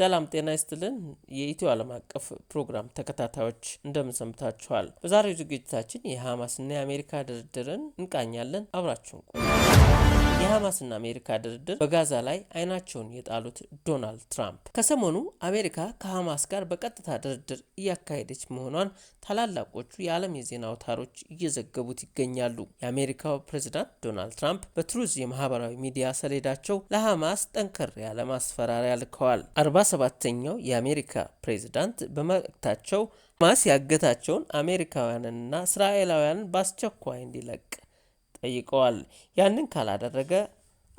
ሰላም ጤና ይስጥልን የኢትዮ ዓለም አቀፍ ፕሮግራም ተከታታዮች እንደምንሰምታችኋል። በዛሬው ዝግጅታችን የሐማስና የአሜሪካ ድርድርን እንቃኛለን። አብራችሁን የሐማስና አሜሪካ ድርድር በጋዛ ላይ አይናቸውን የጣሉት ዶናልድ ትራምፕ ከሰሞኑ አሜሪካ ከሐማስ ጋር በቀጥታ ድርድር እያካሄደች መሆኗን ታላላቆቹ የዓለም የዜና አውታሮች እየዘገቡት ይገኛሉ። የአሜሪካው ፕሬዚዳንት ዶናልድ ትራምፕ በትሩዝ የማህበራዊ ሚዲያ ሰሌዳቸው ለሐማስ ጠንከር ያለ ማስፈራሪያ ልከዋል አርባ ሰባተኛው የአሜሪካ ፕሬዚዳንት በመልእክታቸው ሐማስ ያገታቸውን አሜሪካውያንንና እስራኤላውያንን በአስቸኳይ እንዲለቅ ጠይቀዋል። ያንን ካላደረገ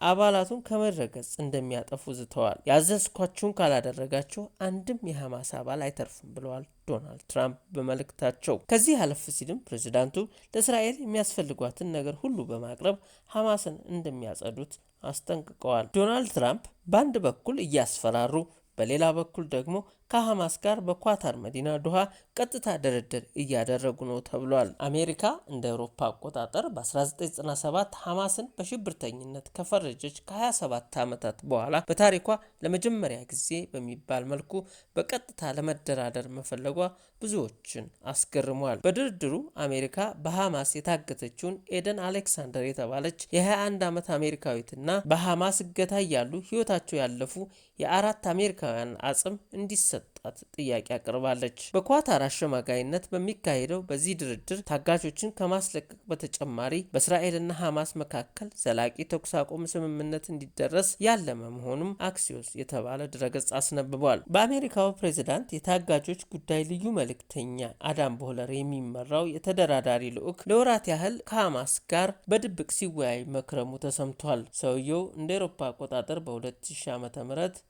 አባላቱን ከመድረገጽ እንደሚያጠፉ ዝተዋል። ያዘዝኳችሁን ካላደረጋችሁ አንድም የሐማስ አባል አይተርፍም ብለዋል ዶናልድ ትራምፕ በመልእክታቸው። ከዚህ አለፍ ሲልም ፕሬዚዳንቱ ለእስራኤል የሚያስፈልጓትን ነገር ሁሉ በማቅረብ ሐማስን እንደሚያጸዱት አስጠንቅቀዋል። ዶናልድ ትራምፕ በአንድ በኩል እያስፈራሩ፣ በሌላ በኩል ደግሞ ከሐማስ ጋር በኳታር መዲና ዱሃ ቀጥታ ድርድር እያደረጉ ነው ተብሏል። አሜሪካ እንደ አውሮፓ አቆጣጠር በ1997 ሐማስን በሽብርተኝነት ከፈረጀች ከ27 ዓመታት በኋላ በታሪኳ ለመጀመሪያ ጊዜ በሚባል መልኩ በቀጥታ ለመደራደር መፈለጓ ብዙዎችን አስገርሟል። በድርድሩ አሜሪካ በሐማስ የታገተችውን ኤደን አሌክሳንደር የተባለች የ21 ዓመት አሜሪካዊትና በሐማስ እገታ እያሉ ሕይወታቸው ያለፉ የአራት አሜሪካውያን አጽም እንዲሰ Satz ለማውጣት ጥያቄ አቅርባለች። በኳታር አሸማጋይነት በሚካሄደው በዚህ ድርድር ታጋቾችን ከማስለቀቅ በተጨማሪ በእስራኤልና ሐማስ መካከል ዘላቂ ተኩስ አቁም ስምምነት እንዲደረስ ያለመ መሆኑም አክሲዮስ የተባለ ድረገጽ አስነብቧል። በአሜሪካው ፕሬዚዳንት የታጋጆች ጉዳይ ልዩ መልእክተኛ አዳም ቦለር የሚመራው የተደራዳሪ ልዑክ ለወራት ያህል ከሐማስ ጋር በድብቅ ሲወያይ መክረሙ ተሰምቷል። ሰውየው እንደ ኤሮፓ አቆጣጠር በ2000 ዓ ም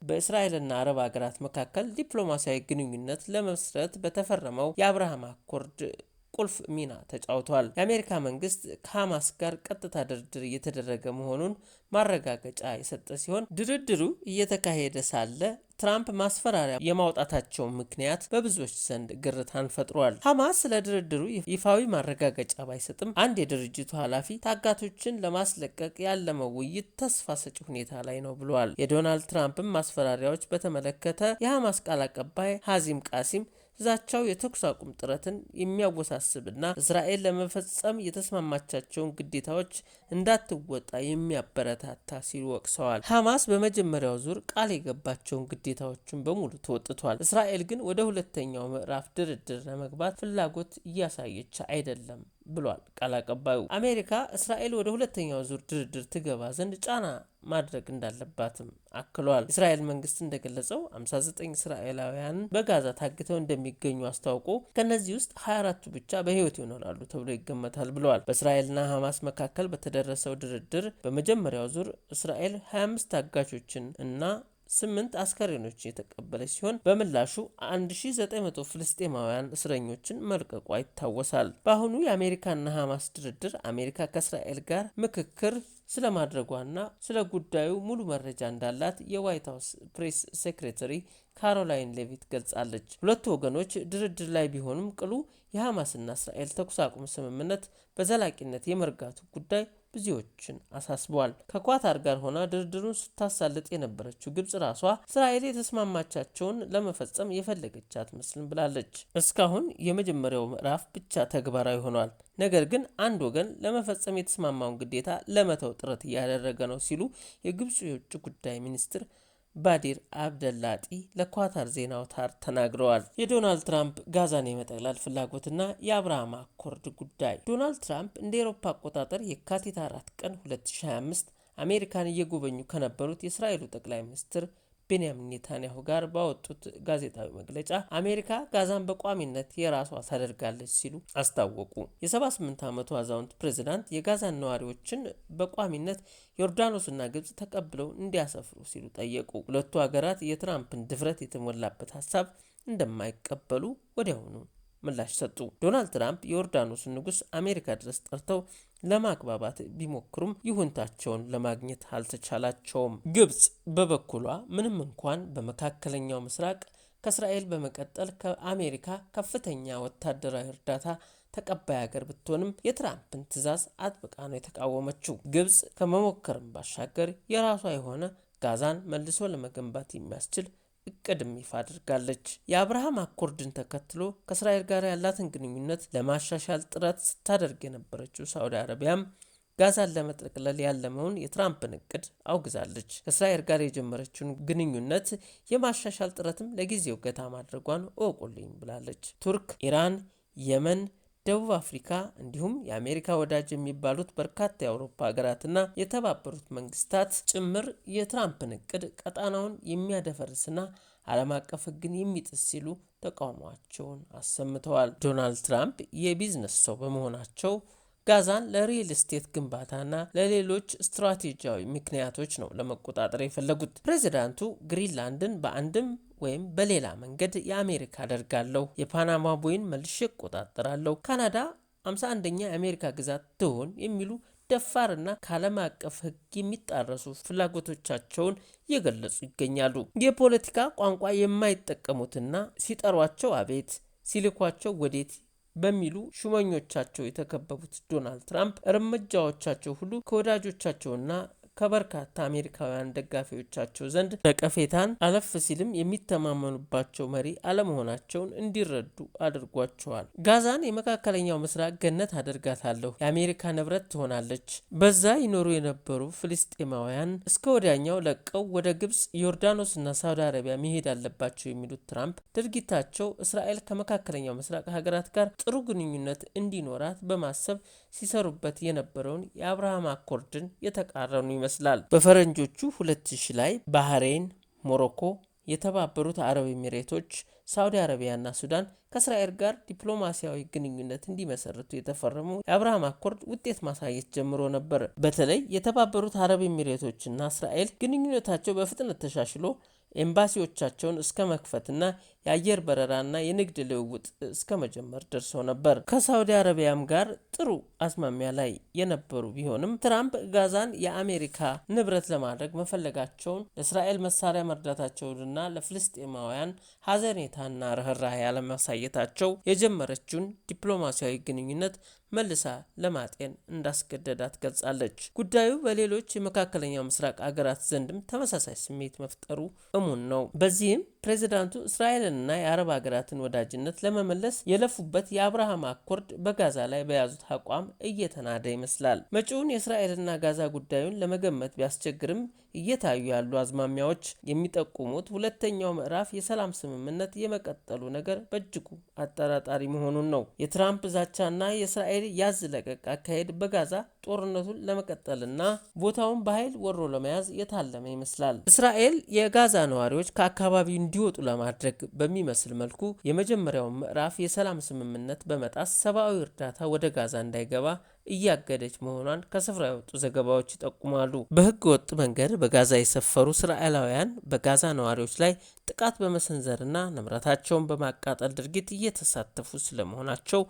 በእስራኤልና አረብ ሀገራት መካከል ዲፕሎማሲ ዲፕሎማሲያዊ ግንኙነት ለመመስረት በተፈረመው የአብርሃም አኮርድ ቁልፍ ሚና ተጫውቷል። የአሜሪካ መንግስት ከሐማስ ጋር ቀጥታ ድርድር እየተደረገ መሆኑን ማረጋገጫ የሰጠ ሲሆን ድርድሩ እየተካሄደ ሳለ ትራምፕ ማስፈራሪያ የማውጣታቸው ምክንያት በብዙዎች ዘንድ ግርታን ፈጥሯል። ሐማስ ስለ ድርድሩ ይፋዊ ማረጋገጫ ባይሰጥም አንድ የድርጅቱ ኃላፊ ታጋቶችን ለማስለቀቅ ያለመው ውይይት ተስፋ ሰጪ ሁኔታ ላይ ነው ብሏል። የዶናልድ ትራምፕን ማስፈራሪያዎች በተመለከተ የሐማስ ቃል አቀባይ ሀዚም ቃሲም ዛቻው የተኩስ አቁም ጥረትን የሚያወሳስብና እስራኤል ለመፈጸም የተስማማቻቸውን ግዴታዎች እንዳትወጣ የሚያበረታታ ሲሉ ወቅሰዋል። ሐማስ በመጀመሪያው ዙር ቃል የገባቸውን ግዴታዎችን በሙሉ ተወጥቷል። እስራኤል ግን ወደ ሁለተኛው ምዕራፍ ድርድር ለመግባት ፍላጎት እያሳየች አይደለም። ብሏል ቃል አቀባዩ። አሜሪካ እስራኤል ወደ ሁለተኛው ዙር ድርድር ትገባ ዘንድ ጫና ማድረግ እንዳለባትም አክሏል። እስራኤል መንግስት እንደገለጸው 59 እስራኤላውያን በጋዛ ታግተው እንደሚገኙ አስታውቆ ከእነዚህ ውስጥ 24ቱ ብቻ በህይወት ይኖራሉ ተብሎ ይገመታል ብለዋል። በእስራኤልና ሐማስ መካከል በተደረሰው ድርድር በመጀመሪያው ዙር እስራኤል 25 ታጋቾችን እና ስምንት አስከሬኖችን የተቀበለች ሲሆን በምላሹ 1900 ፍልስጤማውያን እስረኞችን መልቀቋ ይታወሳል። በአሁኑ የአሜሪካና ሐማስ ድርድር አሜሪካ ከእስራኤል ጋር ምክክር ስለማድረጓና ስለ ጉዳዩ ሙሉ መረጃ እንዳላት የዋይት ሀውስ ፕሬስ ሴክሬተሪ ካሮላይን ሌቪት ገልጻለች። ሁለቱ ወገኖች ድርድር ላይ ቢሆንም ቅሉ የሐማስና እስራኤል ተኩስ አቁም ስምምነት በዘላቂነት የመርጋቱ ጉዳይ ብዙዎችን አሳስበዋል። ከኳታር ጋር ሆና ድርድሩን ስታሳልጥ የነበረችው ግብጽ ራሷ እስራኤል የተስማማቻቸውን ለመፈጸም የፈለገች አትመስልም ብላለች። እስካሁን የመጀመሪያው ምዕራፍ ብቻ ተግባራዊ ሆኗል። ነገር ግን አንድ ወገን ለመፈጸም የተስማማውን ግዴታ ለመተው ጥረት እያደረገ ነው ሲሉ የግብፁ የውጭ ጉዳይ ሚኒስትር ባዲር አብደላጢ ለኳታር ዜና አውታር ተናግረዋል። የዶናልድ ትራምፕ ጋዛን የመጠቅላል ፍላጎትና የአብርሃም አኮርድ ጉዳይ ዶናልድ ትራምፕ እንደ ኤሮፓ አቆጣጠር የካቲት አራት ቀን 2025 አሜሪካን እየጎበኙ ከነበሩት የእስራኤሉ ጠቅላይ ሚኒስትር ቤንያሚን ኔታንያሁ ጋር ባወጡት ጋዜጣዊ መግለጫ አሜሪካ ጋዛን በቋሚነት የራሷ ታደርጋለች ሲሉ አስታወቁ። የ78 ዓመቱ አዛውንት ፕሬዚዳንት የጋዛን ነዋሪዎችን በቋሚነት ዮርዳኖስና ግብጽ ተቀብለው እንዲያሰፍሩ ሲሉ ጠየቁ። ሁለቱ ሀገራት የትራምፕን ድፍረት የተሞላበት ሀሳብ እንደማይቀበሉ ወዲያውኑ ምላሽ ሰጡ። ዶናልድ ትራምፕ የዮርዳኖስን ንጉሥ አሜሪካ ድረስ ጠርተው ለማግባባት ቢሞክሩም ይሁንታቸውን ለማግኘት አልተቻላቸውም። ግብፅ በበኩሏ ምንም እንኳን በመካከለኛው ምስራቅ ከእስራኤል በመቀጠል ከአሜሪካ ከፍተኛ ወታደራዊ እርዳታ ተቀባይ ሀገር ብትሆንም የትራምፕን ትዕዛዝ አጥብቃ ነው የተቃወመችው። ግብጽ ከመሞከርም ባሻገር የራሷ የሆነ ጋዛን መልሶ ለመገንባት የሚያስችል እቅድም ይፋ አድርጋለች። የአብርሃም አኮርድን ተከትሎ ከእስራኤል ጋር ያላትን ግንኙነት ለማሻሻል ጥረት ስታደርግ የነበረችው ሳዑዲ አረቢያም ጋዛን ለመጠቅለል ያለመውን የትራምፕን እቅድ አውግዛለች። ከእስራኤል ጋር የጀመረችውን ግንኙነት የማሻሻል ጥረትም ለጊዜው ገታ ማድረጓን እወቁልኝ ብላለች። ቱርክ፣ ኢራን፣ የመን ደቡብ አፍሪካ እንዲሁም የአሜሪካ ወዳጅ የሚባሉት በርካታ የአውሮፓ ሀገራትና የተባበሩት መንግስታት ጭምር የትራምፕን እቅድ ቀጣናውን የሚያደፈርስና ዓለም አቀፍ ሕግን የሚጥስ ሲሉ ተቃውሟቸውን አሰምተዋል። ዶናልድ ትራምፕ የቢዝነስ ሰው በመሆናቸው ጋዛን ለሪል ስቴት ግንባታና ለሌሎች ስትራቴጂያዊ ምክንያቶች ነው ለመቆጣጠር የፈለጉት። ፕሬዚዳንቱ ግሪንላንድን በአንድም ወይም በሌላ መንገድ የአሜሪካ አደርጋለሁ። የፓናማ ቦይን መልሼ እቆጣጠራለሁ። ካናዳ 51ኛ የአሜሪካ ግዛት ትሆን የሚሉ ደፋርና ከዓለም አቀፍ ሕግ የሚጣረሱ ፍላጎቶቻቸውን እየገለጹ ይገኛሉ። የፖለቲካ ቋንቋ የማይጠቀሙትና ሲጠሯቸው አቤት ሲልኳቸው ወዴት በሚሉ ሹመኞቻቸው የተከበቡት ዶናልድ ትራምፕ እርምጃዎቻቸው ሁሉ ከወዳጆቻቸውና ከበርካታ አሜሪካውያን ደጋፊዎቻቸው ዘንድ ነቀፌታን አለፍ ሲልም የሚተማመኑባቸው መሪ አለመሆናቸውን እንዲረዱ አድርጓቸዋል። ጋዛን የመካከለኛው ምስራቅ ገነት አደርጋታለሁ፣ የአሜሪካ ንብረት ትሆናለች፣ በዛ ይኖሩ የነበሩ ፍልስጤማውያን እስከ ወዲያኛው ለቀው ወደ ግብጽ፣ ዮርዳኖስና ሳውዲ አረቢያ መሄድ አለባቸው የሚሉት ትራምፕ ድርጊታቸው እስራኤል ከመካከለኛው ምስራቅ ሀገራት ጋር ጥሩ ግንኙነት እንዲኖራት በማሰብ ሲሰሩበት የነበረውን የአብርሃም አኮርድን የተቃረኑ ይመስላል። ይመስላል። በፈረንጆቹ 2000 ላይ ባህሬን፣ ሞሮኮ፣ የተባበሩት አረብ ኤሚሬቶች፣ ሳውዲ አረቢያና ሱዳን ከእስራኤል ጋር ዲፕሎማሲያዊ ግንኙነት እንዲመሰርቱ የተፈረሙ የአብርሃም አኮርድ ውጤት ማሳየት ጀምሮ ነበር። በተለይ የተባበሩት አረብ ኤሚሬቶችና እስራኤል ግንኙነታቸው በፍጥነት ተሻሽሎ ኤምባሲዎቻቸውን እስከ መክፈትና የአየር በረራና የንግድ ልውውጥ እስከ መጀመር ደርሰው ነበር። ከሳውዲ አረቢያም ጋር ጥሩ አዝማሚያ ላይ የነበሩ ቢሆንም ትራምፕ ጋዛን የአሜሪካ ንብረት ለማድረግ መፈለጋቸውን፣ ለእስራኤል መሳሪያ መርዳታቸውንና ለፍልስጤማውያን ሀዘኔታና ርኅራኄ ያለማሳየታቸው የጀመረችውን ዲፕሎማሲያዊ ግንኙነት መልሳ ለማጤን እንዳስገደዳት ገልጻለች። ጉዳዩ በሌሎች የመካከለኛው ምስራቅ አገራት ዘንድም ተመሳሳይ ስሜት መፍጠሩ እሙ መሆኑን ነው። በዚህም ፕሬዚዳንቱ እስራኤልንና የአረብ ሀገራትን ወዳጅነት ለመመለስ የለፉበት የአብርሃም አኮርድ በጋዛ ላይ በያዙት አቋም እየተናደ ይመስላል። መጪውን የእስራኤልና ጋዛ ጉዳዩን ለመገመት ቢያስቸግርም እየታዩ ያሉ አዝማሚያዎች የሚጠቁሙት ሁለተኛው ምዕራፍ የሰላም ስምምነት የመቀጠሉ ነገር በእጅጉ አጠራጣሪ መሆኑን ነው። የትራምፕ ዛቻና የእስራኤል ያዝ ለቀቅ አካሄድ በጋዛ ጦርነቱን ለመቀጠልና ቦታውን በኃይል ወሮ ለመያዝ የታለመ ይመስላል። እስራኤል የጋዛ ነዋሪዎች ከአካባቢው እንዲ እንዲወጡ ለማድረግ በሚመስል መልኩ የመጀመሪያውን ምዕራፍ የሰላም ስምምነት በመጣስ ሰብአዊ እርዳታ ወደ ጋዛ እንዳይገባ እያገደች መሆኗን ከስፍራ የወጡ ዘገባዎች ይጠቁማሉ። በህገ ወጥ መንገድ በጋዛ የሰፈሩ እስራኤላውያን በጋዛ ነዋሪዎች ላይ ጥቃት በመሰንዘርና ንብረታቸውን በማቃጠል ድርጊት እየተሳተፉ ስለመሆናቸው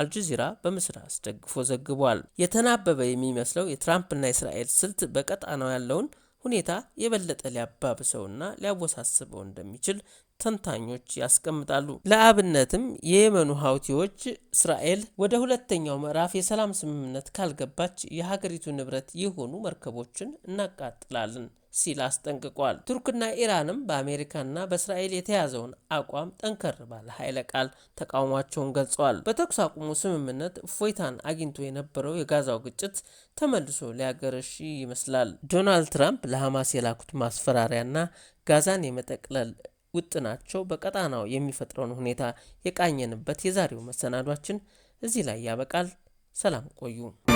አልጀዚራ በምስል አስደግፎ ዘግቧል። የተናበበ የሚመስለው የትራምፕና የእስራኤል ስልት በቀጣናው ያለውን ሁኔታ የበለጠ ሊያባብሰውና ሊያወሳስበው እንደሚችል ተንታኞች ያስቀምጣሉ። ለአብነትም የየመኑ ሀውቲዎች እስራኤል ወደ ሁለተኛው ምዕራፍ የሰላም ስምምነት ካልገባች የሀገሪቱ ንብረት የሆኑ መርከቦችን እናቃጥላለን ሲል አስጠንቅቋል። ቱርክና ኢራንም በአሜሪካና በእስራኤል የተያዘውን አቋም ጠንከር ባለ ኃይለ ቃል ተቃውሟቸውን ገልጸዋል። በተኩስ አቁሙ ስምምነት እፎይታን አግኝቶ የነበረው የጋዛው ግጭት ተመልሶ ሊያገረሽ ይመስላል። ዶናልድ ትራምፕ ለሐማስ የላኩት ማስፈራሪያና ጋዛን የመጠቅለል ውጥናቸው በቀጣናው የሚፈጥረውን ሁኔታ የቃኘንበት የዛሬው መሰናዷችን እዚህ ላይ ያበቃል። ሰላም ቆዩ።